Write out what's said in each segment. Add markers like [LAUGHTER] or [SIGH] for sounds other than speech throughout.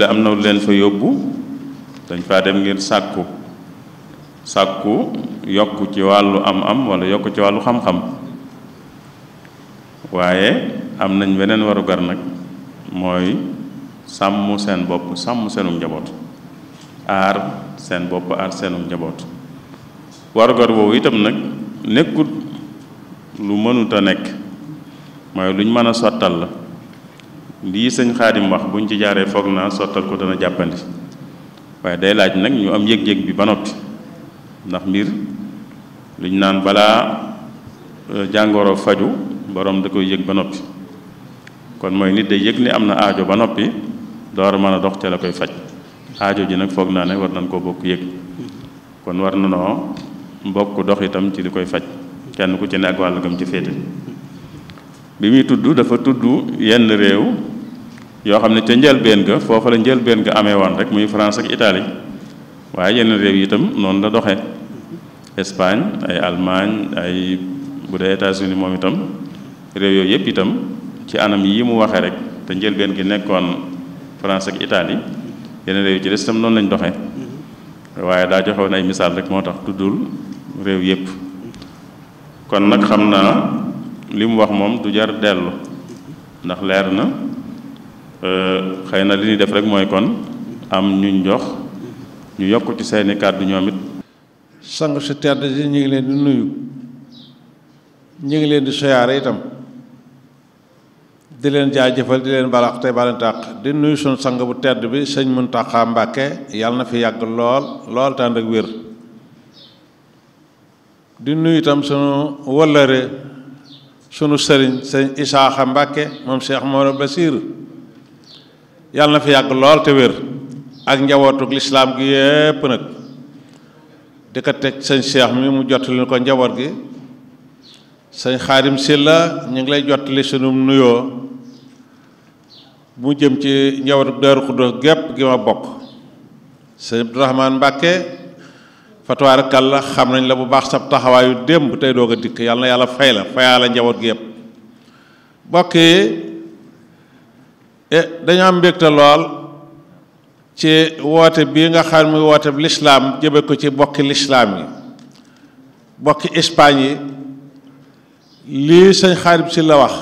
la am na leen fa yóbbu dañ fa dem ngir sàkku sàkku yokk ci wàllu am-am wala yokk ci wàllu xam-xam waaye am nañ beneen warugar nag mooy sàmm seen bopp sàmm seenum njaboot aar seen bopp aar seenum njaboot warugar boobu itam nag nekkut lu mënuta nekk mooy luñ mën a sottal la. lii sëñ xaadim wax buñ ci jaaree foog naa sottal ko dana jàppandi waaye day laaj nag ñu am yëg yéeg bi ba noppi ndax mbir luñ naan balaa e, jàngoro faju boroom da koy yëg ba noppi kon mooy nit day yëg ne am na aajo ba noppi door mën a dox ca la koy faj aajo ji nag foog naa ne war nañ koo bokk yëg kon war nanoo bokk dox itam ci li koy faj kenn ku ci ne ak wàll gam ci féete bi muy tudd dafa tudd yenn réew yoo xam ne ca njëlbeen ga foofa la njëlbeen ga amee woon rek muy France ak itali waaye yenn réew yi itam noonu la doxe Espagne ay Allemagne ay bu dee États-Unis moom itam réew yooyu yëpp itam ci anam yi mu waxee rek te njëlbeen gi nekkoon France ak Italie yenn réew yi ci des itam noonu lañ doxe waaye daa joxe woon ay misaal rek moo tax tuddul réew yëpp kon nag xam naa. li wax moom du jar dellu ndax leer na euh, xëy na li ñuy def rek mooy kon am ñuñ jox ñu yokk ci seeni kàddu ñoom it sang si tedd si ñu ngi leen di nuyu ñu ngi leen di soyaare itam di leen jaajëfal di leen balax tey baleen tàq di nuyu suñu sang bu tedd bi sëñ Muntaxa Mbàkke yàlla na fi yàgg lool lool tànd ak wér di nuyu itam suñu wëllëre sunu sëriñ sëriñ Isaaxa Mbàkke moom Cheikh Mawdo Basiir yàlla na fi yàgg lool te wér ak njabootug lislaam gi yépp nag di ko teg sañ Cheikh mi mu jottali ko njaboot gi sëñ Xaadim Silla ñu ngi lay jottali sunu nuyoo mu jëm ci njabootug Daaru Xuddoos gépp gi ma bokk sëñ Abdourahmaan Mbàkke fatabaarakallah xam nañ la bu baax sab taxawaayu démb tey doo a dikk yàlla yàlla fay la fayaala njaboot gi yëpp bokk eh, dañu am mbégte lool ci woote bii nga xam muy woote bi lislaam jëme ko ci bokki lislaam yi bokki Espagne yi lii sëñ xaarib si la wax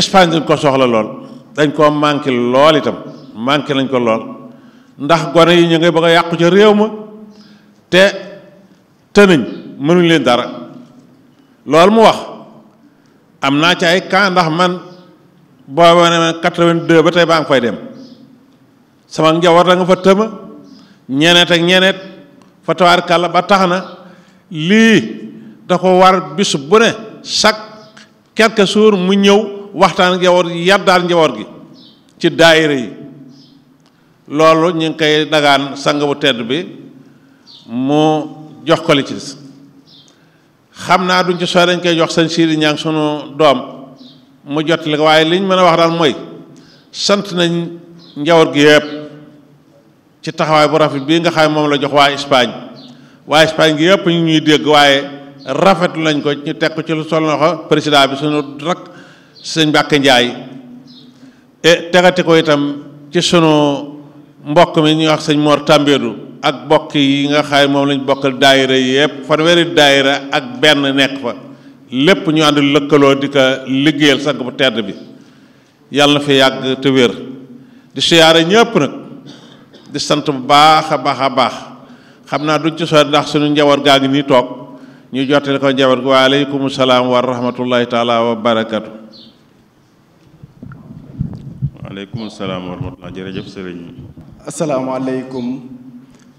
Espagne dañ ko soxla lool dañ koo manqué lool itam manqué nañ ko lool ndax gone yi ñu ngi bëgg yàqu ca réew ma te tënañ mënuñ leen dara loolu mu wax am naa ci ay cas ndax man booba ne man 82 ba tey baa ngi fay dem sama njaboot da nga fa tëma ñeneet ak ñeneet fa tawaar kàlla ba tax na lii dafa ko war bis bu ne chaque quelques jours mu ñëw waxtaan njaboot gi yaddaal njaboot gi ci daayira yi loolu ñu ngi koy dagaan sang bu tedd bi mu jox ko li ci des xam naa duñ ci soo dañ koy jox sëñ Siiri Ñaang sunu doom mu jot li ko waaye liñ mën a wax daal mooy sant nañ njaboot gi yëpp ci taxawaay bu rafet bii nga xam moom la jox waaye Espagne waaye Espagne gi yëpp ñu ñuy dégg waaye rafetlu nañ ko ñu teg ko ci lu sol loxo président bi suñu rakk sëñ Mbàkke Njaay e tegati ko itam ci suñu mbokk mi ñu wax sëñ Mor Tambédou ak bokk yi nga xaay moom lañu bokkal daayira yëpp fanweeri daayira ak benn nekk fa lépp ñu ànd lëkkaloo di liggéeyal sang bu tedd bi yàlla na fi yàgg te wér di siyaare ñëpp nag di sant bu baax a baax a baax xam naa du ci ndax suñu njaboot gaa ngi nii toog ñu jottali ko njaboot gi waaleykum salaam wa rahmatullahi taala wa barakatu waaleykum salaam wa rahmatullah jërëjëf sëriñ asalaamaaleykum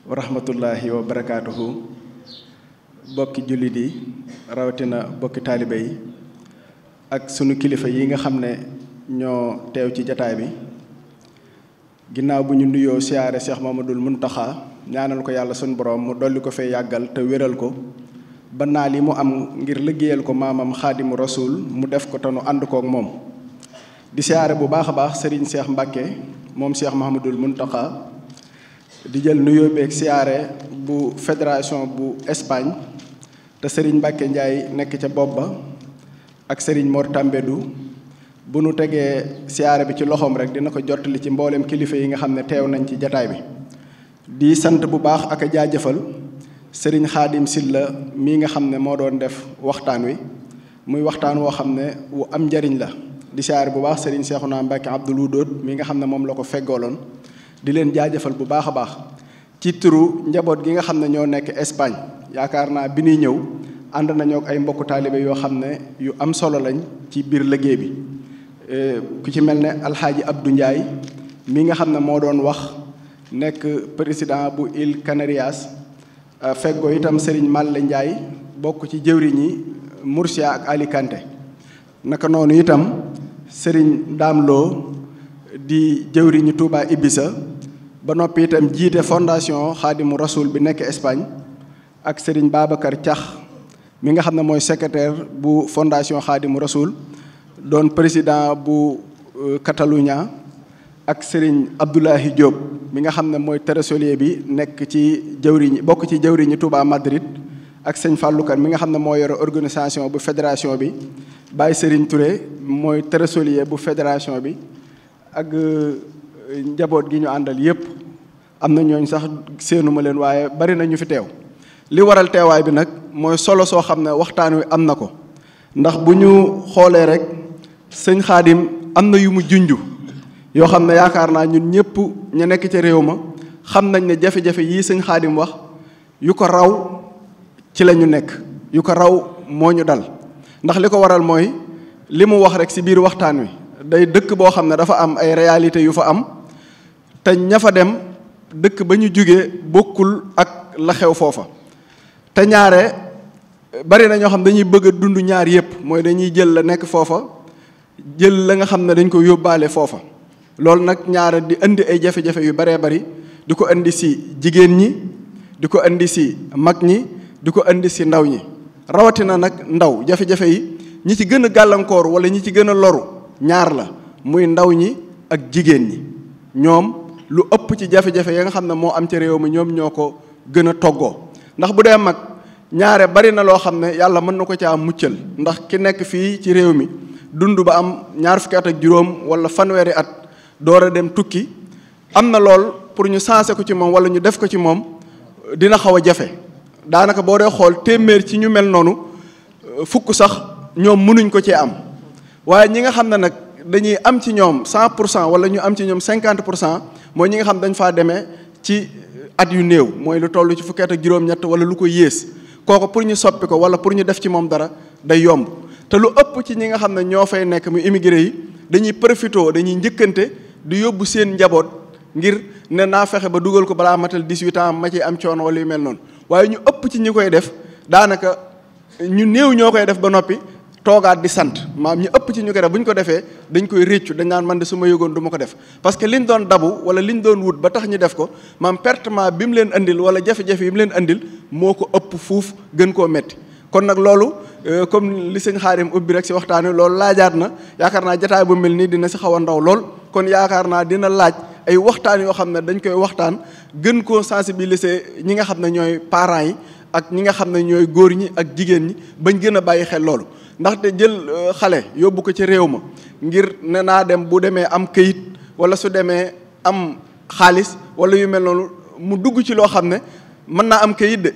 wa rahmatullahi wa barakaatuhu bokki jullit yi rawatina bokki taalibe yi ak sunu kilifa yi nga xam ne ñoo teew ci jataay bi ginnaaw bu ñu nuyoo siyaare Cheikh Mamadul Muntaxa ñaanal ko yàlla sunu borom mu dolli ko fee yàggal te wéral ko ba naa li mu am ngir liggéeyal ko maamam xaadimu rasuul mu def ko te ànd kook moom di siyaare bu baax a baax sëriñ Cheikh mbàkke moom Cheikh Mahamadul Muntaxa di jël nuyoo beeg siyaare bu fédération bu Espagne te Serigne Mbacke Ndiaye nekk ca bopp ba ak sëriñ Mor Tambédou bu nu tegee siyaare bi ci loxoom rek dina ko jottali ci mbooleem kilifa yi nga xam ne teew nañ ci jataay bi. di sant bu baax ak a jaajëfal Serigne Khadim Silla mii nga xam ne moo doon def waxtaan wi muy waxtaan woo xam ne wu am njariñ la di siyaare bu baax Serigne Cheikhouna Mbacke Abdoulou Dóot mi nga xam ne moom la ko feggooloon. di leen jaajëfal bu baax a baax ci turu njaboot gi nga xam ne ñoo nekk Espagne yaakaar naa bi nuy ñëw ànd nañoo ay mbokku taalibe yoo xam ne yu am solo lañ ci biir liggéey bi euh, ku ci mel ne alxaaji Abdou njaay mi nga xam ne moo doon wax nekk président bu Îles Canarias euh, feggoo itam Serigne Malle njaay bokk ci jëwriñ yi Murcia ak Alicante naka noonu itam Serigne Daamloo di jëwriñu Touba Ibisa ba noppi itam jiite fondation xaadimu rasul bi nekk Espagne ak Serigne Babacar cax mi nga xam ne mooy secrétaire bu fondation xaadimu rasul doon président bu euh, Catalunya ak sëriñ Abdoulahi Diop mi nga xam ne mooy trésorier bi nekk ci jëwriñ bokk ci jëwriñu Touba Madrid ak sëñ Fallou Kane mi nga xam ne moo yore organisation bu fédération bi Baye Serigne Touré mooy trésorier bu fédération bi. ak euh, njaboot gi ñu àndal yépp am na ñooñ sax séenuma leen waaye bari na ñu fi teew li waral teewaay bi nag mooy solo soo xam ne waxtaan wi am na ko ndax bu ñu xoolee rek sëñ xaadim am na yu mu junju yoo xam ne yaakaar naa ñun ñëpp ña nekk ca réew ma xam nañ ne jafe-jafe yii sëñ xaadim wax yu ko raw ci la ñu nekk yu ko raw moo ñu dal ndax li ko waral mooy li mu wax rek ci biir waxtaan wi day dëkk boo xam ne dafa am ay réalités yu fa am te ña fa dem dëkk ba ñu jógee bokkul ak la xew foofa te ñaare bari na ñoo xam dañuy bëgg dund ñaar yépp mooy dañuy jël la nekk foofa jël la nga xam ne dañ ko yóbbaale foofa loolu nag ñaare di indi ay jafe-jafe yu baree bari di ko indi si jigéen ñi di ko indi si mag ñi di ko indi si ndaw ñi rawatina nag ndaw jafe-jafe yi ñi ci gën a gàllankoor wala ñi ci gën a loru ñaar la muy ndaw ñi ak jigéen ñi ñoom lu ëpp ci jafe-jafe ya nga xam ne moo am ci réew mi ñoom ñoo ko gën a toggoo ndax bu dee mag ñaare bari na loo xam ne yàlla mën na ko caa muccal ndax ki nekk fii ci réew mi dund ba am ñaar fukki at ak juróom wala fanweeri at door dem tukki am na lool pour ñu sensé ko ci moom wala ñu def ko ci moom dina xaw a jafe daanaka boo dee xool téeméer ci ñu mel noonu fukk sax ñoom mënuñ ko cee am waaye ñi nga xam ne nag dañuy am ci ñoom cent pour cent wala ñu am ci ñoom cinquante pour cent mooy ñi nga xam dañ faa demee ci at yu néew mooy lu toll ci fukki at ak juróom-ñett wala lu ko yées kooku pour ñu soppi ko wala pour ñu def ci moom dara day yomb te lu ëpp ci ñi nga xam ne ñoo fay nekk mu immigré yi dañuy profité dañuy njëkkante di yóbbu seen njaboot ngir ne naa fexe ba dugal ko balaa matal 18 ans ma ciy am coono wala yu mel noonu waaye ñu ëpp ci ñi koy def daanaka ñu néew ñoo koy def ba noppi toogaat di sant maam ñu ëpp ci ñu ko def ko defee dañ koy réccu dañ naan man de su ma yëgoon duma ko def parce que liñ doon dabu wala liñ doon wut ba tax ñu def ko maam pertement bi mu leen andil wala jafe-jafe yi mu leen indil moo ko ëpp fuuf gën koo métti kon nag loolu euh, comme li seen sëñ mu ubbi rek si waxtaan wi loolu laajaat na yaakaar naa jataay bu mel nii dina si xaw a ndaw lool kon yaakaar naa dina laaj ay waxtaan yoo xam ne dañ koy waxtaan gën koo sensibiliser ñi nga xam ne ñooy parents yi ak ñi nga xam ne ñooy góor ñi ak jigéen ñi bañ gën a bàyyi xel loolu ndax ndaxte jël euh, xale yóbbu ko ci réew ma ngir ne naa dem bu demee am kayit wala su demee am xaalis wala yu mel noonu mu dugg ci loo xam ne mën naa am kayit de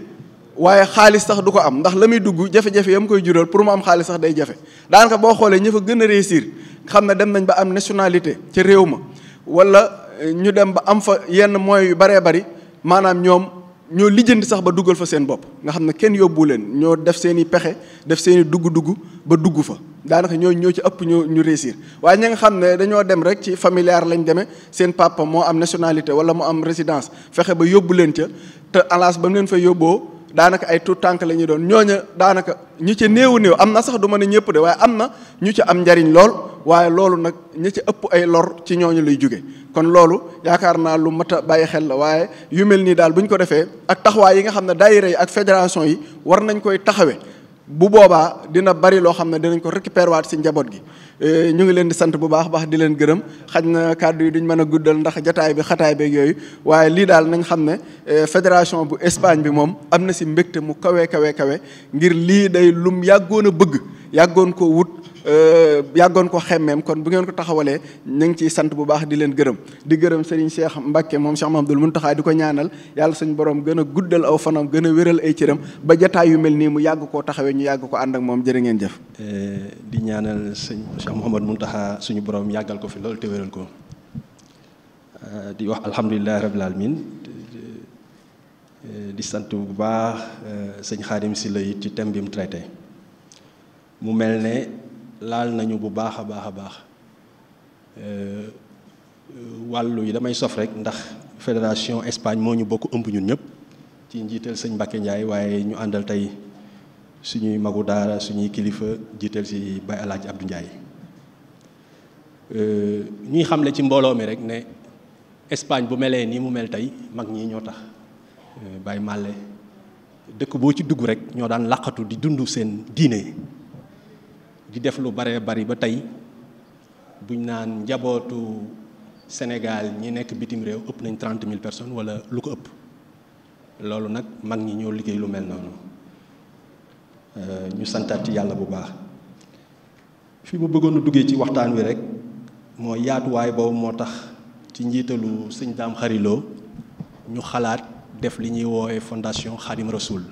waaye xaalis sax du ko am ndax la muy dugg jafe-jafe yam koy jural pour mu am xaalis sax day jafe daanaka boo xoolee ñi gën a réussir xam ne dem nañ ba am nationalité ca réew ma wala euh, ñu dem ba am fa yenn moyens yu baree bari maanaam ñoom ñoo lijjanti sax ba dugal fa seen bopp nga xam ne kenn yóbbu leen ñoo def seen pexe def seen i dugg-dugg ba dugg fa daanaka ñoo ñoo ci ëpp ñu ñu réussir waaye ña nga xam ne dañoo dem rek ci familiar lañ demee seen papa moo am nationalité wala mu am résidence fexe ba yóbbu leen ca te alaas ba mu leen fay yóbboo daanaka ay tout tànk la ñuy doon ñooña daanaka ñu ci néewu néew am na sax du ma ne ñëpp de waaye am na ñu ci am njariñ lool waaye loolu nag ñi ci ëpp ay lor ci ñooñu lay jóge kon loolu yaakaar naa lu mat a bàyyi xel la waaye yu mel nii daal bu ko defee ak taxawaay yi nga xam ne daayira yi ak fédération yi war nañ koy taxawe bu boobaa dina bari loo xam ne dinañ ko récupérer waat ci njaboot gi eh, ñu ngi leen sant bu baax baax di leen gërëm xaj na kàddu yi duñ mën a guddal ndax jataay bi xataay beeg yooyu waaye lii daal nanga xam ne eh, fédération bu Espagne bi moom am na si mbégte mu kawe kawe kawe ngir lii day lum yàggoon a bëgg yàggoon ko wut Euh, yàggoon ko xemmeem kon bu ngeen ko taxawalee ñu ngi ciy sant bu baax di leen gërëm di gërëm Serigne Cheikh Mbacke moom Cheikh Mahamadul taxaa di ko ñaanal yàlla suñu borom gën guddal aw fanam gën a wéral ay cëram ba jataay yu mel nii mu yàgg koo taxawee ñu yàgg ko ànd ak moom jërë ngeen jëf. Euh, di ñaanal sëñ Cheikh Mouhamad taxaa suñu boroom yàggal ko fi loolu te wéral ko euh, di wax alhamdulilah rabil alamin di sant bu baax sëñ Xaadim si la ci thème bi mu traité laal nañu bu baax a baax a baax euh, euh, wàllu yi damay sof rek ndax fédération Espagne moo ñu bokk ëmb ñun ñëpp ci njiital sëñ Mbacke njaay waaye ñu àndal tey suñuy magu daara suñuy kilifa jiital si Baye Alaaji Abdou Ndiaye euh, ñuy xamle ci mbooloo mi rek ne Espagne bu melee nii mu mel tey mag ñi ñoo tax Baye Malle dëkk boo ci dugg rek ñoo daan laqatu di dund seen diine yi di def lu bare bari ba tey buñ naan njabootu Sénégal ñi nekk bitim réew ëpp nañ trente mille personnes wala lu ko ëpp loolu nag mag ñi ñoo liggéey lu mel noonu euh, ñu santaat ci yàlla bu baax fi mu bëggoon a duggee ci waxtaan wi rek mooy yaatuwaay boobu moo tax ci njiitalu sëñ daam xariloo ñu xalaat def li ñuy woowee fondation Xadim Rasoul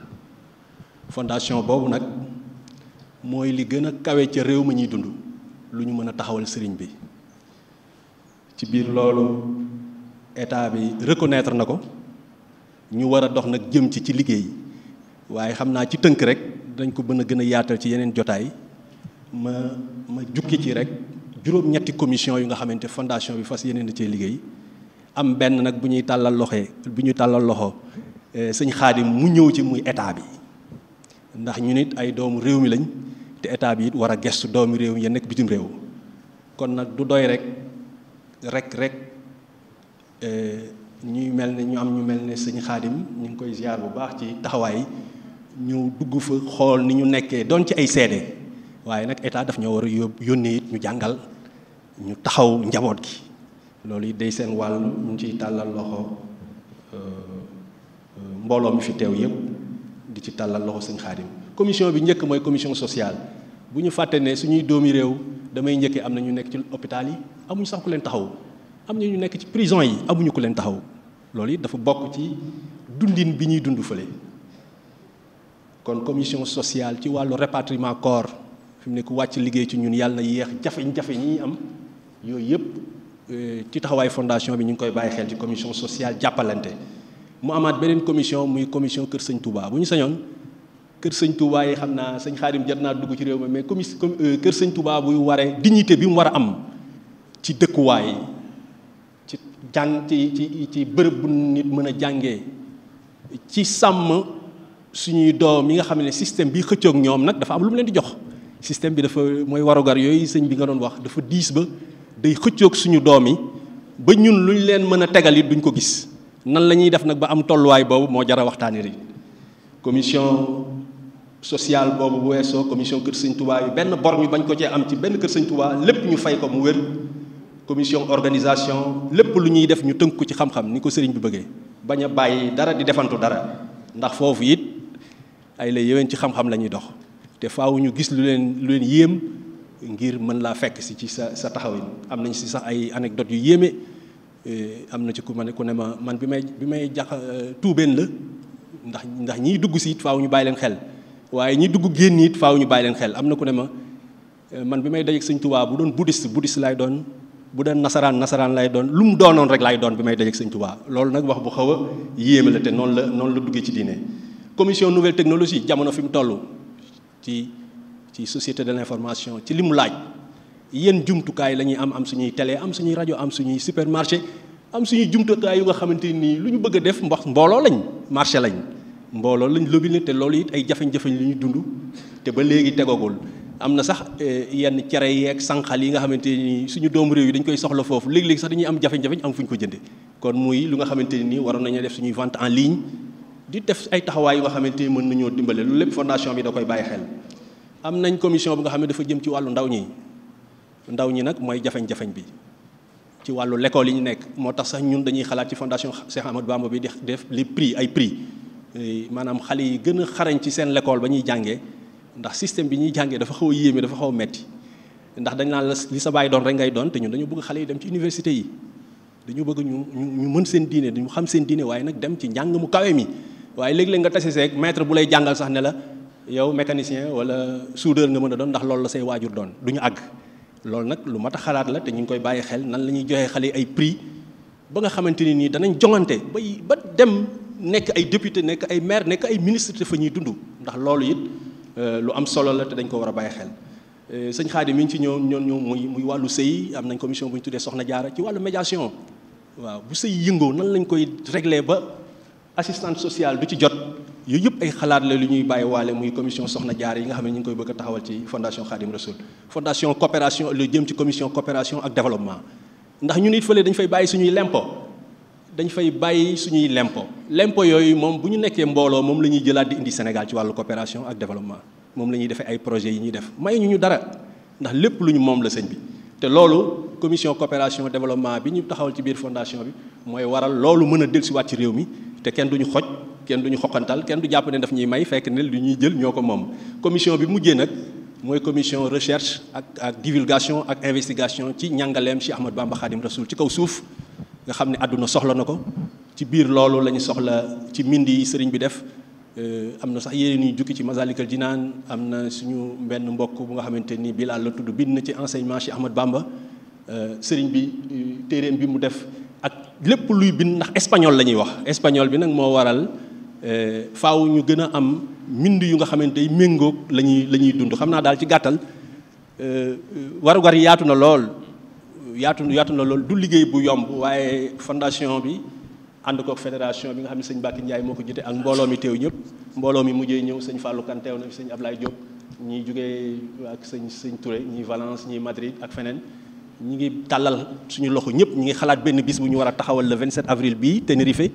fondation boobu nag mooy li gën a kawe ca réew ma ñuy dund lu ñu mën a taxawal sëriñ bi ci biir loolu état bi reconnaître na ko ñu war a dox nag jëm ci ci liggéey waaye xam naa ci tënk rek dañ ko mën a gën a yaatal ci yeneen jotaay ma ma jukki ci rek juróom-ñetti commission yu nga xamante fondation bi fas yeneen di cee liggéey am benn nag bu ñuy tàllal loxo bu ñuy tàllal loxo eh, sëñ xaadim mu ñëw ci muy état bi ndax ñu nit ay doomu réew mi lañ te état bi it war a gestu doomu réew mi ya nekk bitim réew kon nag du doy rek rek rek eh, ñuy mel ni ñu am ñu mel ni sëñ xaadim ñu ngi koy ziar bu baax ci taxawaay ñu dugg fa xool ni ñu nekkee doon ci ay seede waaye nag état daf ñoo war a yóbb yónnee it ñu jàngal ñu taxaw njaboot gi loolu it day seen wàll ñu ciy tàllal loxo eh, eh, mbooloo mi fi teew yëpp ci tàllal loxo sëñ xaadim commission bi njëkk mooy commission sociale bu ñu fàtte ne suñuy doomi réew damay njëkke am na ñu nekk ci hôpital yi amuñu sax ku leen taxaw am na ñu nekk ci prison yi amuñu ko leen taxaw loolu it dafa bokk ci dundin bi ñuy dund fële kon commission sociale ci wàllu rapatriement corps fi mu ne ku wàcc liggéey ci ñun yàlla na yéex jafe-jafe ñi am yooyu yëpp euh, ci taxawaay fondation bi ñu ngi koy bàyyi xel ci commission sociale jàppalante mu amaat beneen commission muy commission Kër Sëñ Touba bu ñu sañoon Kër Sëñ Touba yi xam naa sëñ Xaadim jar naa dugg ci réew mi mais commi euh, Kër Sëñ Touba waree dignité bi mu a am ci dëkkuwaay ci jàng ci ci ci bërëb bu nit mën a jàngee ci sàmm suñuy doom yi nga xam ne système bi xëccoog ñoom nag dafa am lu mu leen di jox. système bi dafa mooy warugar yooyu sëñ bi nga doon wax dafa diis ba day xëccoog suñu doom yi ba ñun luñ leen mën a tegal it duñ ko gis. nan la ñuy def nag ba am tolluwaay boobu moo jara waxtaani ri commission sociale boobu bu weesoo commission kër sëñ Touba yi benn borom mi bañ ko cee am ci benn kër sëñ Touba lépp ñu fay ko mu wér commission organisation lépp lu ñuy def ñu tënk ko ci xam-xam ni ko sëriñ bi bëggee bañ a bàyyi dara di defantu dara ndax foofu it ay la yéwén ci xam-xam la ñuy dox te faaw ñu gis lu leen lu leen yéem ngir mën laa fekk si ci sa sa taxawin am nañ si sa ay anecdotes yéeme. Eh, am na ci ku ma ne ku ne ma man bi may may jax eh, tuubeen la ndax ndax ñiy dugg si it faaw ñu bàyyi leen xel waaye ñi dugg génn it faaw ñu bàyyi leen xel am na ku ne ma eh, man bi may dajeeg sëñ Tuubaa bu doon bouddhiste bouddhiste laay doon bu doon nasaraan nasaraan lay doon lu mu doonoon rek laay doon bi may dajeeg sëñ Tuubaa loolu nag wax bu xaw a yéeme la te noonu la noonu la duggee ci diine commission nouvelle technologie jamono fi mu toll ci ci société de l'information ci li mu laaj yéen jumtukaay la ñuy am am suñuy télé am suñuy rajo am suñuy supermarché am suñuy jumtukaay yu nga xamante nii lu ñu bëgg a def mbox mbooloo lañ marché lañ mbooloo lañ lobi te loolu it ay jafe-jafe li dund te ba léegi tegagul am na sax eh, yenn cere yeeg sànqal yi nga xamante ni suñu doomu réew yi dañ koy soxla foofu léeg-léeg sax dañuy am jafe-jafe am fu ñu ko jënde kon muy lu nga xamante nii waroon nañu def suñuy vente en ligne di def ay taxawaay yu nga xamante ni mën nañoo dimbale lu lépp fondation bi da koy bàyyi xel am nañ commission bi nga xam ne dafa jëm ci wàllu ndaw ñi ndaw ñi nag mooy jafeñ-jafeñ bi ci wàllu lekkool yi ñu nekk moo tax sax ñun dañuy xalaat ci fondation Cheikh Ahmadou Bamba bi di def li prix ay prix eh, maanaam xale yi gën a xarañ ci seen lekkool ba ñuy jàngee ndax système bi ñuy jàngee dafa xaw a yéeme dafa xaw a metti ndax dañ naan la li sa baay doon rek ngay doon te ñun dañu bëgg xale yi dem ci université yi dañu bëgg ñu ñu mën seen diine dañu xam seen diine waaye nag dem ci njàng mu kawe mi waaye léeg-léeg nga tase seeg maître bu lay jàngal sax ne la yow mécanicien wala soudeur nga mën a doon ndax loolu la say waajur doon du àgg loolu nag lu mat a xalaat la te ñu ngi koy bàyyi xel nan la ñuy joxe xale ay prix ba nga xamante ni nii danañ jongante bay ba dem nekk ay député nekk ay maire nekk ay ministre fa ñuy dund ndax loolu it euh, lu am solo la te dañ ko war a bàyyi xel. Euh, sëñ Xaadim mi ngi ci ñoom ñoom ñoom muy muy wàllu sëy am nañ commission bu ñu tuddee Soxna Jaara ci wàllu médiation waaw bu sëy yëngoo nan lañ koy réglé ba assistante sociale du ci jot. yooyu yëpp ay xalaat la lu ñuy bàyyi waale muy commission soxna jaar yi nga xam ne ñu ngi koy bëgg a taxawal ci fondation Khadim Rasoul fondation coopération lu jëm ci commission coopération ak développement ndax ñu nit fële dañ fay bàyyi suñuy lempo dañ fay bàyyi suñuy lempo lempo yooyu moom bu ñu nekkee mbooloo moom la ñuy jëlaat di indi Sénégal ci wàllu coopération ak développement moom la ñuy defee ay projet yi ñuy def may ñu ñu dara ndax lépp lu ñu moom la sëñ bi te loolu commission coopération développement bi ñu taxawal ci biir fondation bi mooy waral loolu mën a dellusiwaat ci réew mi te kenn duñu xoj kenn du ñu xoqantal kenn du jàpp ne daf ñuy may fekk ne lu ñuy jël ñoo ko moom commission bi mujjee nag mooy commission recherche ak ak divulgation ak investigation ci ñàngaleem Cheikh Ahmad Bamba Khadim Rasoul ci kaw suuf nga xam ne àdduna soxla na ko ci biir loolu la ñu soxla ci mbind yi sëriñ bi def euh, am na sax yéen ñuy jukki ci Masalikul Jinaan am na suñu benn mbokk bu nga xamante ni Bilal la tudd bind na ci enseignement Cheikh Ahmad Bamba euh, sëriñ bi euh, téeréem bi mu def ak lépp luy bind ndax espagnol la ñuy wax espagnol bi nag moo waral Eh, faaw ñu gën a am mbind yu nga xamante ni méngoog la ñuy la ñuy dund xam naa daal ci gàttal eh, warugar yi yaatu na lool yaatu yaatu na lool du liggéey bu yomb waaye fondation bi ànd kook fédération bi nga xam ne sëñ Bakki Ndiaye moo ko jite ak mbooloo mi teew ñëpp mbooloo mi mujjee ñëw sëñ Fallou Kane teew na fi sëñ Ablaye Diop ñi jógee ak sëñ sëñ Touré ñi Valence ñi Madrid ak feneen ñi ngi tàllal suñu loxo ñëpp ñi ngi xalaat benn bis bu ñu war a taxawal le 27 avril bii Tenerife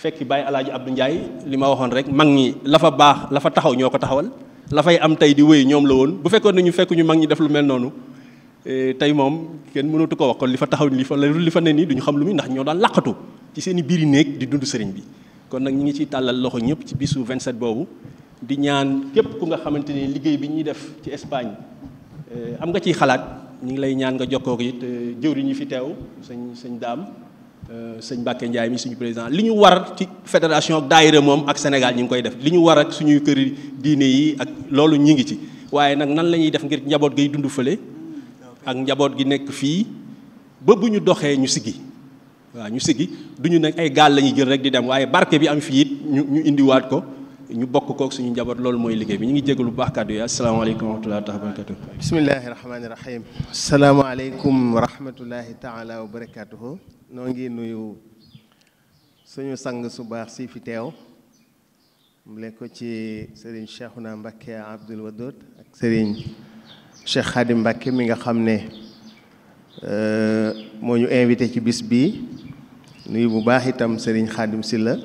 fekk bàyyi alaaji Abdou Ndiaye li ma waxoon rek mag ñi la fa baax la fa taxaw ñoo ko taxawal la fay am tey di wéy ñoom la woon bu fekkoon ne ñu fekk ñu mag ñi def lu mel noonu eh, tey moom kenn mënatu ko wax kon li fa taxaw li fa li ne nii duñu xam lu muy ndax ñoo daan laqatu ci seen i biiri néeg di dund sëriñ bi kon nag ñi ngi ciy tàllal loxo ñëpp ci bisu 27 boobu di ñaan képp ku nga xamante ni liggéey bi ñuy def ci Espagne eh, am nga ciy xalaat ñi ngi lay ñaan nga it eh, jëwriñ yi fi teew sëñ sëñ daam Euh, sëñ Mbacke njaay mi suñu président li ñu war ci fédération ak daayira moom ak Sénégal ñu ngi koy def li ñu war ak suñuy këri diine yi ak loolu ñu ngi ci waaye nag nan la ñuy def ngir njaboot giy dundu fële ak njaboot gi nekk fii ba bu ñu doxee ñu siggi waaw ñu siggi duñu nekk ay gaal la jël rek di dem waaye barke bi am fii it ñu ñu indiwaat ko ñu bokk kook suñu njaboot loolu mooy liggéey bi ñu ngi jégalu bu baax kàddu yi asalaamaaleykum wa rahmatullahi taala barakatu bismillahi rahmaani rahim asalaamaaleykum wa rahmatullahi taala wa barakatuhu noo ngi nuyu suñu sang su baax si fi teew mu leen ko ci sëriñ Cheikhouna Mbacké Abdoul Wadoud ak sëriñ Cheikh Khadim Mbacké mi nga xam ne euh, moo ñu invité ci bis bi nuyu bu baax itam sëriñ Khadim Silla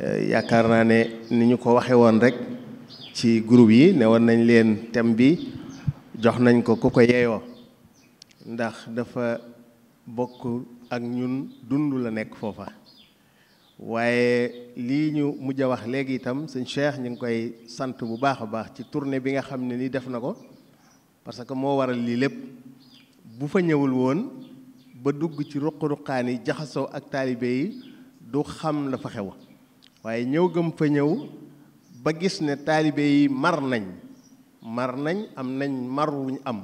Euh, yaakaar naa ne ni ñu ko waxe woon rek ci groupe yi ne woon nañ leen thème bi jox nañ ko ku ko yeeyoo ndax dafa bokk ak ñun dund la nekk foofa waaye lii ñu mujj a wax léegi itam sëñ Cheikh ñu ngi koy sant bu baax a baax ci tournée bi nga xam ne ni def na ko parce que moo waral lii lépp bu fa ñëwul woon ba dugg ci ruq-ruqaan yi jaxasoo ak taalibe yi du xam la xew waaye ñëw gëm fa ñëw ba gis ne taalibe yi mar nañ mar nañ am nañ mar wuñ am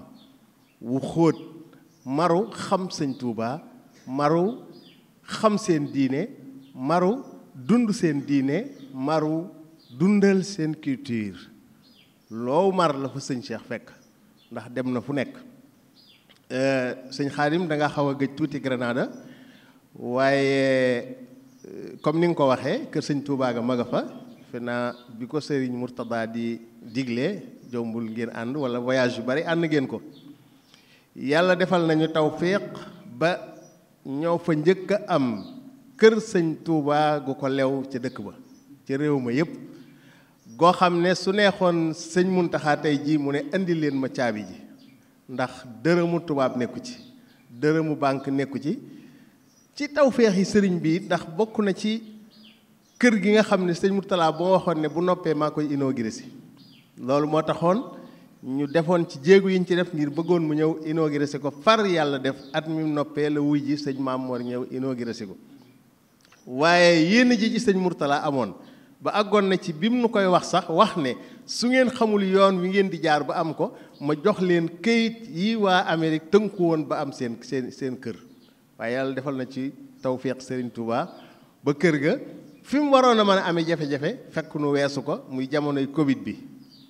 wu xóot maru xam sëñ Tuuba maru xam seen diine maru dund seen diine maru dundal seen culture loo mar la fa sëñ Cheikh fekk ndax dem na fu nekk euh, sëñ Xaadim danga nga xaw a gëj tuuti Granada waaye comme ni nga ko waxee kër sëñ Touba ga nga fa fe naa bi ko sëriñ Mourtada di digle jombul ngeen ànd wala voyage yu bari ànd ngeen ko yàlla defal nañu tawféex ba ñoo fa njëkk a am kër sëñ Touba gu ko lew ca dëkk ba ci réew ma yépp goo xam ne su neexoon sëñ Muntaxa tey ji mu ne indi leen ma caabi ji ndax dërëmu tubaab nekku ci dërëmu bànk nekku ci ci tawféexi sëriñ bi ndax bokk na ci kër gi nga xam ne sëñ Mourtala boo waxoon ne bu noppee maa koy inauguré loolu moo taxoon ñu defoon ci jéegu yi ñu ci def ngir bëggoon mu ñëw inauguré si ko far yàlla def at mi noppee la wuy ji sëñ Maamoor ñëw inauguré si ko waaye yéen ji ci sëñ Mourtala amoon ba àggoon na ci bim nu koy wax sax wax ne su ngeen xamul yoon wi ngeen di jaar ba am ko ma jox leen këyit yi waa Amérique tënku woon ba am seen seen seen kër waaye yàlla defal na ci tawféex Serigne Touba ba kër ga fi mu waroon a mën a amee jafe-jafe fekk nu weesu ko muy jamonoy Covid bi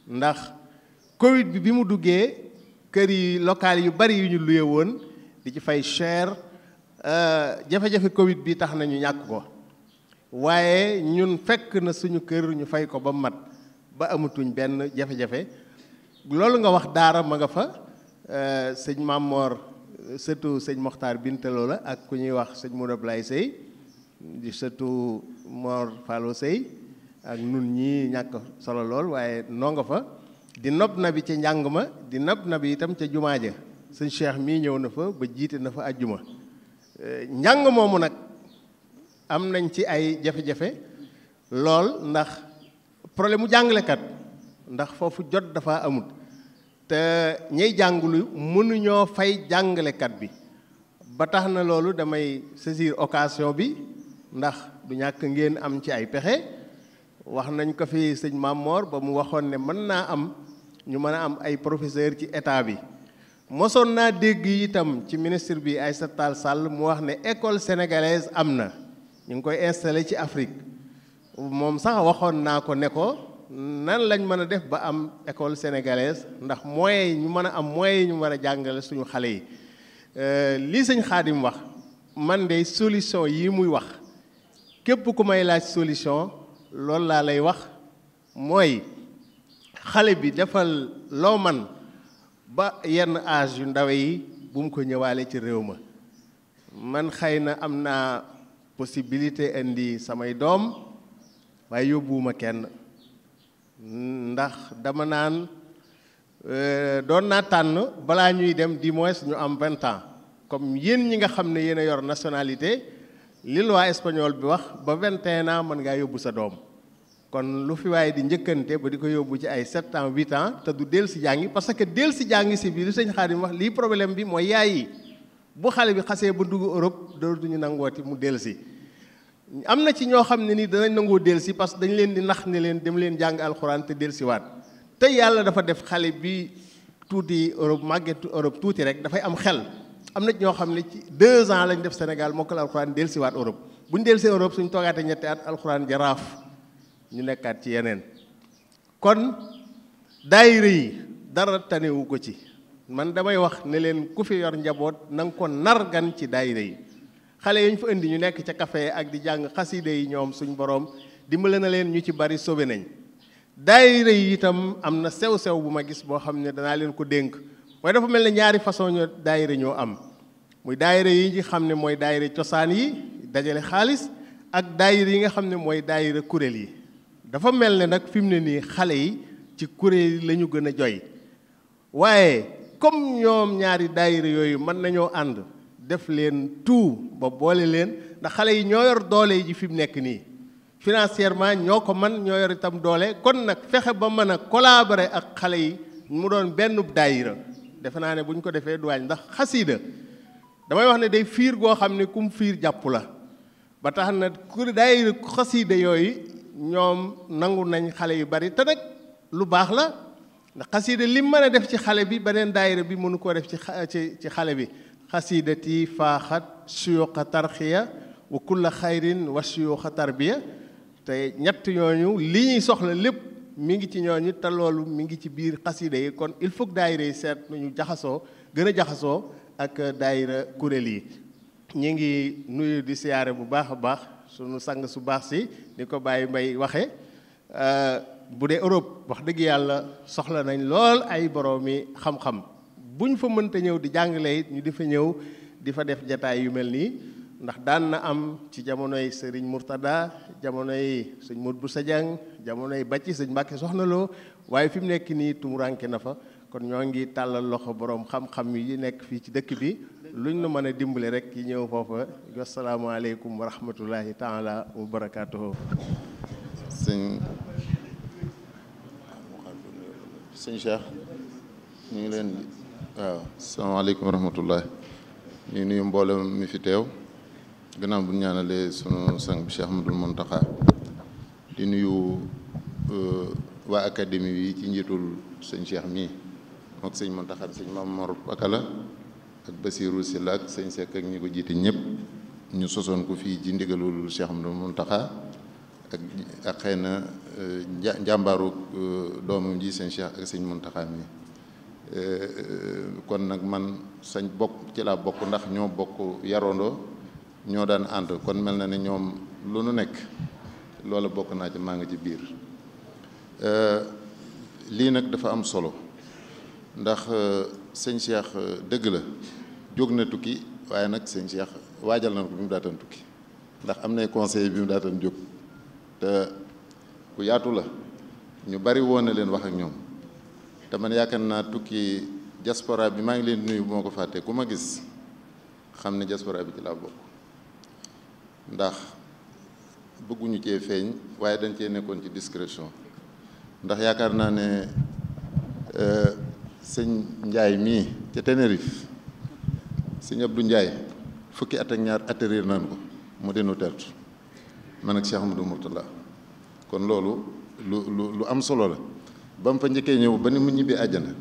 ndax Covid bi bi mu duggee kër yi local yu bari yu ñu luye woon di ci fay cher euh, jafe-jafe Covid bi tax nañu ñàkk ko waaye ñun fekk na suñu kër ñu fay ko ba mat ba amatuñ benn jafe-jafe loolu nga wax daara ma nga fa euh, sëñ Mamor. surtout sëñ Mokhtar Bintelo la ak ku ñuy wax sëñ Modou Blay Sey di surtout Mor Fallou Sey ak nun ñii ñàkk solo lool waaye nongo fa di nob na bi ca njàng ma di nob na bi itam ca jumaa ja sëñ Cheikh mii ñëw na fa ba jiite na fa ajjuma eh, njàng moomu nag am nañ ci ay jafe-jafe lool ndax problème mu kat ndax foofu jot dafa amut te ñay jàngulu mënuñoo fay jàngalekat bi ba tax na loolu damay saisir occasion bi ndax bu ñàkk ngeen am ci ay pexe wax nañ ko fi sëñ Mamor ba mu waxoon ne mën naa am ñu mën a am ay professeur ci état bi mosoon naa dégg itam ci ministre bi ay sa Tall sàll mu wax ne école sénégalaise am na ñu ngi koy installé ci Afrique moom sax waxoon naa ko ne ko nan lañ mën a def ba am école sénégalaise ndax moyens ñu mën a am moyens ñu war a jàngale suñu xale yi euh, lii sëñ Xaadim wax man de solution yi muy wax képp ku may laaj solution loolu laa lay wax mooy xale bi defal loo man ba yenn âge yu ndawe yi bu ko ñëwaalee ci réew ma man xëy na am naa possibilité indi samay doom waaye yóbbuwuma kenn ndax dama naan euh, doon naa tànn balaa ñuy dem di moins ñu am vingt ans comme yéen ñi nga xam ne yéen a yor nationalité li loi espagnole bi wax ba vingt et un mën ngaa yóbbu sa doom kon lu fi waaye di njëkkante ba di ko yóbbu ci ay sept ans huit te du del si jàngi parce que del si jàngi si biir li sëñ Xaadim wax lii problème bi mooy yaay bu xale bi xasee ba dugg Europe dootuñu nangooti mu del si am na ci ñoo xam ne nii danañ nangoo delsi parce que dañ leen di nax ne leen dem leen jàng alxuraan te delsiwaat te yàlla dafa def xale bi tuuti Europe màgget Europe tuuti rek dafay am xel am na ci ñoo xam ne ci deux ans lañ def Sénégal mokkal alxuraan delsiwaat Europe bu ñu delsee Europe suñ toogaatee ñetti at alxuraan jaraaf ñu nekkaat ci yeneen kon daayira yi dara tanewu ko ci man damay wax ne leen ku fi yor njaboot na nga ko nargan ci daayira yi xale yañ fa indi ñu nekk ca café ak di jàng xaside yi ñoom suñ borom dimbale na leen ñu ci bari sobe nañ daayira yi itam am na sew-sew bu ma gis boo xam ne danaa leen ko dénk mooy dafa mel ne ñaari façon ñoo ñoo am muy daayira yi nga xam ne mooy daayira cosaan yi dajale xaalis ak daayira yi nga xam ne mooy daayira kuréel yi dafa mel ne nag fi mu ne nii xale yi ci kuréel yi la ñu gën a joy waaye comme ñoom ñaari daayira yooyu mën nañoo ànd def leen tout ba boole leen ndax xale yi ñoo yor doole yi ji fi mu nekk nii financièrement ñoo ko man ñoo yor itam doole kon nag fexe ba mën a kolaabare ak xale yi mu doon benn daayira defe naa ne bu ñu ko defee duwaañ ndax xasiida damay wax ne day fiir goo xam ne kum fiir jàpp la ba tax na ku daayira xasiida yooyu ñoom nangu nañ xale yu bari te nag lu baax la ndax xasiida lim mën a def ci xale bi beneen daayira bi mënu koo def ci ci xale bi xasiidati faaxat suyuuxa tarxiya wa kulla xayrin wa suyuuxa tarbiya te ñett ñooñu li ñuy soxla lépp mi ngi ci ñooñu te loolu mi ngi ci biir xasida yi kon il faut que yi seet ñu jaxasoo gën a jaxasoo ak daayira kuréel yi ñu ngi nuyu di siyaare bu baax a baax sunu sang su baax si ni ko bàyyi mbay waxe euh, bu dee Europe wax dëgg yàlla soxla nañ lool ay boroomi xam-xam buñ fa mënta ñëw di jàngale it ñu di fa ñëw di fa def jataay yu mel nii ndax daan na am ci jamonoy sëriñ Murtada jamono sëñ Modou Boussa Dieng jamonoy ba ci sëñ Mbàkke Soxna Lo waaye fi mu nekk nii tumuraanke na fa kon ñoo ngi tàllal loxo borom xam-xam yi nekk fii ci dëkk bi luñ la mën a dimbale rek yi ñëw foofa wasalaamaaleykum wa rahmatullahi taala wa barakaatuhu sëñ sëñ Cheikh ñu leen waaw salaamaaleykum wa rahmatullah ñu nuyu mboolem mi fi teew gannaaw bu ñaanalee sunu sang bi mu Ahmadul Muntaxa di nuyu euh, waa académie bi ci njiitul sëñ Cheikh mii mook sëñ Muntaxa sëñ Maam Mor Pakala ak Basiru Silla ak sëñ seex ak ñi ko jiite ñëpp ñu sosoon ko fii ci ndigalul Cheikh Ahmadul Muntaxa ak ak xëy na euh, njàmbaaru euh, doomam ji sëñ Cheikh ak sëñ Muntaxa mii Euh, kon nag man sañ bokk ci laa bokk ndax ñoo bokk yarandoo ñoo daan ànd kon mel na ni ñoom lu nu nekk loola bokk naa ci maa ngi ci biir euh, lii nag dafa am solo ndax euh, sëñ Cheikh dëgg la jóg na tukki waaye nag sëñ Cheikh waajal na ko bi mu daataan tukki ndax am nay conseil bi mu daataan jóg te ku yaatu la ñu bari woon na leen wax ak ñoom te man yaakaar naa tukki diaspora bi maa ngi leen nuyu bu ko fàttee ku ma gis xam ne diaspora bi ci laa bokk ndax bëgguñu cee feeñ waaye dañ cee nekkoon ci discrétion ndax yaakaar naa ne euh, sëñ Njaay mii ca Tenerife sëñ Abdou Njaay fukki at ñaar atterrir nañ ko mu denu tertu man ak Cheikh Amadou Mourtala kon loolu lu lu lu am solo la ba mu fa njëkkee ñëw ba ni mu ñibbi àjjana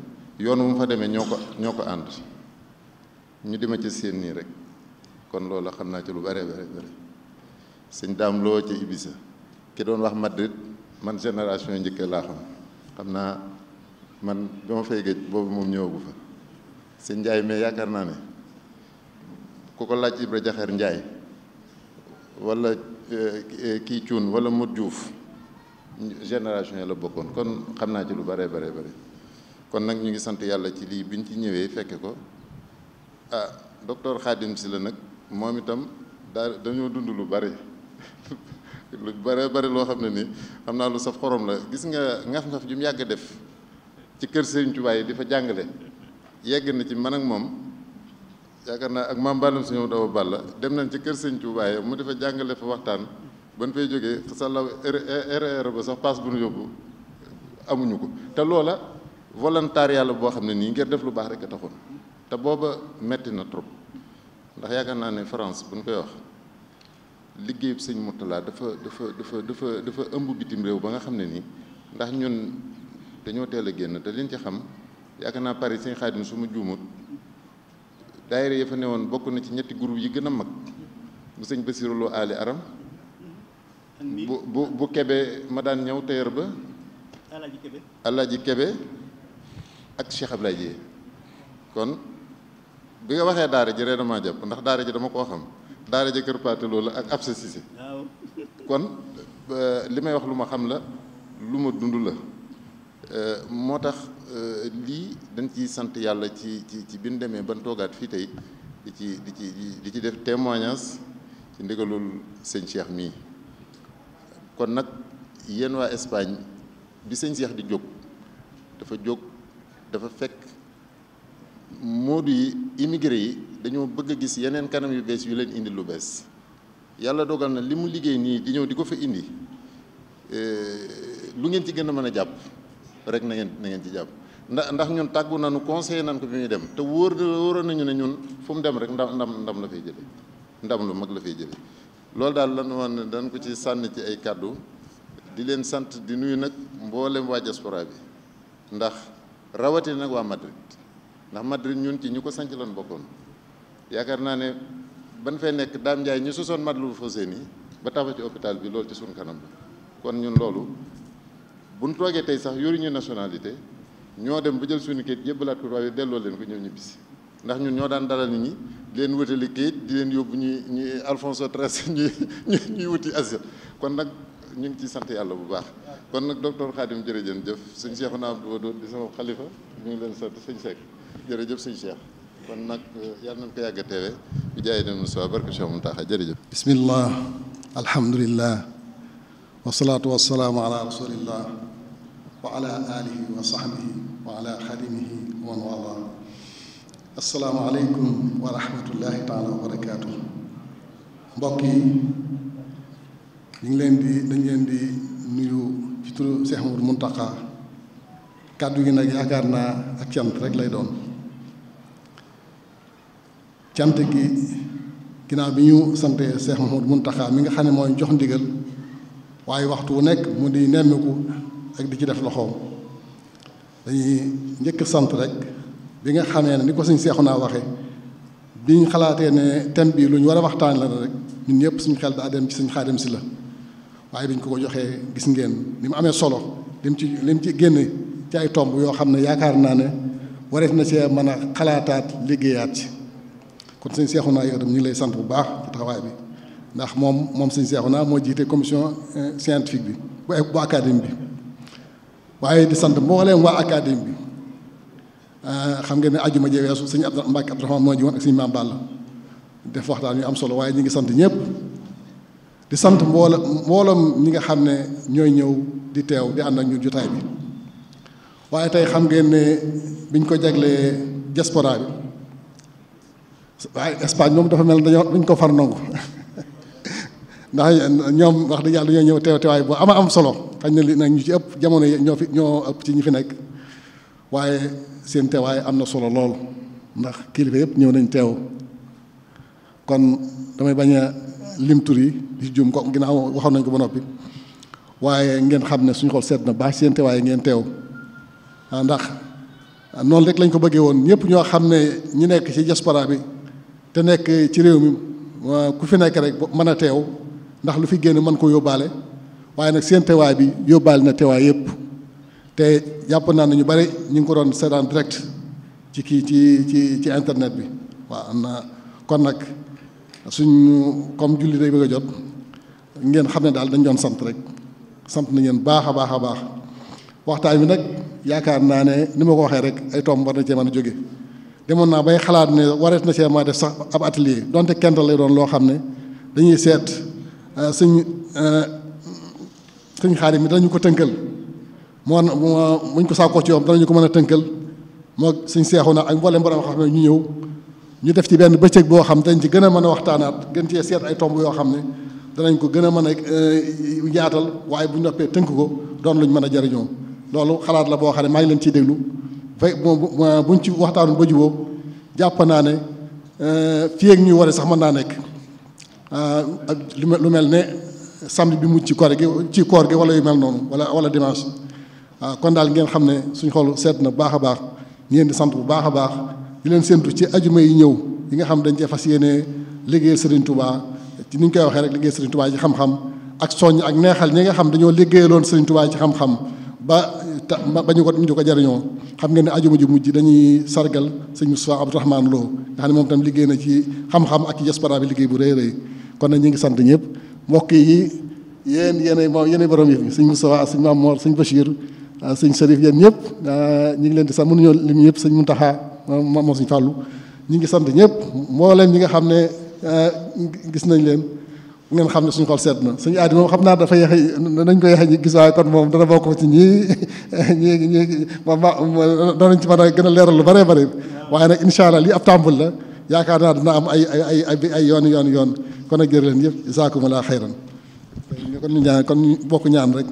yoon wu mu fa demee ñoo ko ñoo ko ànd ñu dima ci seen nii rek kon loolu xam naa ci lu bare bare bare sëñ daam loo ci Ibisa ki doon wax Madrid man génération njëkk laa xam xam naa man bi ma fay géej boobu moom ñëwagu fa sëñ Njaay mais yaakaar naa ne ku ko laaj Ibra Jaxeer Njaay wala eh, kii cuun wala mut Juuf génération yi la bokkoon kon xam naa ci lu bare bare bare kon nag ñu ngi sant yàlla ci lii biñ ci ñëwee fekke ko ah docteur Khadim la nag moom itam daal dañoo dund lu bare [LAUGHS] lu bare bare loo xam ne nii xam naa lu saf xorom la gis nga ngaf-ngaf ju mu yàgg def ci kër Serigne Touba yi di fa jàngale yegg na ci mën ak moom yaakaar naa ak maam Ballam suñu daw balla dem nañ ci kër Serigne Touba mu di fa jàngale fa waxtaan ban fay jógee sala RER ba sax bu ñu yóbbu ko te loola volontariat la boo xam ne nii ngir def lu baax rek a taxoon te booba metti na trop ndax yaakaar naa ne France bu koy wax liggéeyub sëñ Mourtala dafa dafa dafa dafa dafa ëmb bitim réew ba nga xam ne nii ndax ñun dañoo teel a génn te liñ ci xam yaakaar naa Paris sëñ Xaadim suma ma juumut daayira ya fa woon bokk na ci ñetti groupe yi gën a mag bu sëñ Basirou Lo Ali Aram bu bu bu Kebe ma daan ñëw téyër ba. Alaaji Kebe Kebe ak Cheikh lay Dieye kon bi nga waxee daara ji rek jàpp ndax daara ji dama koo xam daara ji kër Paate loolu ak Absa Cissé kon li may wax lu ma xam la lu ma dund la euh, moo tax euh, lii dañ ciy sant yàlla ci ci ci bi ñu demee ban toogaat fii tey di ci di ci di ci def témoignage ci ndigalul sëñ Cheikh mii. kon nag yéen waa Espagne bi sëñ Seex di jóg dafa jóg dafa fekk moodu yi immigré yi dañoo bëgg a gis yeneen kanam yu bees yu leen indi lu bees yàlla dogal na li mu liggéey nii di ñëw di ko fa indi eh, lu ngeen ci gën a mën a jàpp rek na ngeen na ngeen ci jàpp ndax ndax ñun tàggu nañu conseillé nañ ko bi muy dem te wóor wóoroon nañu ne ñun fu mu dem rek ndam ndam ndam la fay jële ndam lu mag la fa jële loolu daal lan woon ne dañ ko ci sànni ci ay kàddu di leen sant di nuyu nag mboolem waa diaspora bi ndax rawatina nag waa Madrid ndax Madrid ñun ci ñu ko sanc loon bokkoon yaakaar naa ne ban fay nekk Daam Njaay ñu sosoon Matlaboul Fawzeyni ba tabax ci hôpital bi loolu ci suñ kanam la kon ñun loolu buñ toogee tey sax yoruñu nationalité ñoo dem bu jël suñu kayit yëbbalaat ko waaye delloo leen ko ñëw ñu bisi ndax ñun ñoo daan dalal nit ñi di leen wutali kayit di leen yóbbu ñuy ñuy Alphonse Tracy [LAUGHS] ñuy ñuy wuti asile kon nag ñu ngi ciy sant yàlla bu baax kon nag docteur Khadim jërëjëf jëf sëñ Cheikh naa Abdou Wadoud di sama xalifa ñu ngi leen sant sëñ Cheikh jërëjëf sëñ Cheikh kon nag euh, yàlla nañ ko yàgg a teewe bi jaay den mosuwa barke Cheikh Mountakha jërëjëf bismillah alhamdulillah wasalaatu wasalaamu ala rasulillah wa ala alihi wa sahbihi wa ala xadimihi asalaamaaleykum wa rahmatullahi taala wa barakaatu mbokk yi ñu leen di dañ leen di nuyu ci turu Cheikh Mouhamadou Mountakha kàddu gi nag yaakaar naa ak cant rek lay doon cant gi ginnaaw bi ñu sante Cheikh Mouhamadou Mountakha mi nga xam ne mooy jox ndigal waaye waxtu wu nekk mu di nemmiku ak di ci def loxoom dañuy njëkk sant rek bi nga xamee ne ni ko suñ seexu naa waxee biñ xalaatee ne thème bii lu ñu war a waxtaan la rek ñun ñëpp suñ xel daa ci suñ xaadim si la waaye biñ ko ko joxee gis ngeen ni mu amee solo lim ci lim ci génn ci ay tomb yoo xam ne yaakaar naa ne wareef na cee mën a xalaataat liggéeyaat ci kon suñ seexu naa yow tam ñu lay sant bu baax ci taxawaay bi ndax moom moom suñ seexu naa moo jiite commission euh, scientifique bi bu bu académie bi waaye di sant mbooleem waa académie bi Euh, xam ngeen ne àjjuma jee weesu sëñ Abdou Mbacke Abdourahmane moo ji woon ak sëñ Maam Balla def waxtaan yu am solo waaye ñu ngi sant ñëpp di sant mboola mboolam ñi nga xam ne ñooy ñëw di teew di am ak ñu jotaay bi waaye tey xam ngeen ne biñ ko jaglee diaspora bi waaye Espagne moom dafa mel dañoo dañ ko far nangu [LAUGHS] ndax ñoom wax di yàlla ñoo ñëw teew teewaay bu ama am solo xañ na li nag ñu ci ëpp jamono ñoo fi ñoo ëpp ci ñu fi nekk waaye seen teewaay am na solo lool ndax kilifa yëpp ñëw nañ teew kon damay bañ a lim turi yi di juum ko ginnaaw waxoon nañ ko ba noppi waaye ngeen xam ne suñ xol seet na baax seen teewaay ngeen teew ah, ndax noonu rek lañ ko bëggee woon ñëpp ñoo xam ne ñu nekk ci diaspora bi te nekk ci réew mi ku fi nekk rek mën a teew ndax lu fi génn mën ko yóbbaale waaye nag seen teewaay bi yóbbaale na teewaay yëpp. te yàpp naa ne ñu bari ñu ngi ko doon seetaan direct ci kii ci ci ci internet bi waaw am na kon nag suñ comme julli day bëgg a jot ngeen xam ne daal dañ doon sant rek sant na ngeen baax a baax a baax waxtaan bi nag yaakaar naa ne ni ma ko waxee rek ay toom war na cee mën a jóge demoon naa bay xalaat ne warees na cee ma def sax ab atelier donte kent lay doon loo xam ne dañuy seet euh, suñ euh, suñ xaalis mi dañu ko tënkal moo muñ ko saakoo ci yoom danañu ko mën a tënkal moo suñ seexu na ak mboolem borom xam ne ñu ñëw ñu def ci benn bëccëg boo xam dañ ci gën a mën a waxtaanaat gën cee seet ay tomb yoo xam ne danañ ko gën a mën a eh, yaatal waaye bu ñu noppee tënk ko doon luñ mën a jariñoo loolu xalaat la boo xam ne maa ngi leen ciy déglu fekk buñ ci waxtaanu ba juboo jàpp naa ne eh, fii ak ñuy waree sax mën naa nekk ah, lu mel ne samedi bi mu ci koor gi ci koor gi wala yu mel noonu wala wala dimanche waaw ah, kon daal ngeen xam ne suñ xol seet na baax a baax ñu leen di sant bu baax a baax di leen séentu ci ajuma yi ñëw yi nga xam dañ cee fas yéene liggéey Serigne Touba ci ni ñu koy waxee rek liggéey Serigne Touba ci xam-xam ak soññ ak neexal ñi nga xam dañoo liggéeyaloon Serigne Touba ci xam-xam ba ba bañ ko ñu ko jariñoo xam ngeen ne ajuma ji mujj dañuy sargal sëñ Moustapha Abdourahmane Lo nga xam ne moom itam liggéey na ci xam-xam ak ci diaspora bi liggéey bu rëy rëy kon nag ñu ngi sant ñëpp mbokk yi yéen yéen moom yéen borom yi sëñ Moustapha sëñ Mamour sëñ Bachir waaw sëñ Serif yéen ñëpp ñu ngi leen di sant mënuñoo lim yëpp sëñ taxa moom moo sëñ Fàllu ñu ngi sant ñëpp mbooleem ñi nga xam ne gis nañ leen ngeen xam ne suñ xol seet na suñ aadi moom xam naa dafa yeex nañ ko yeex gis waaye kon moom dana bokk ci ñii ñii ñii danañ ci mën gën a leeral lu bëree bëri waaye nag incha allah lii la yaakaar naa dina am ay ay ay ay yoon yoon yoon kon nag jërë leen yëpp isaakumulaa xayran kon ñu ñaan kon bokk ñaan rek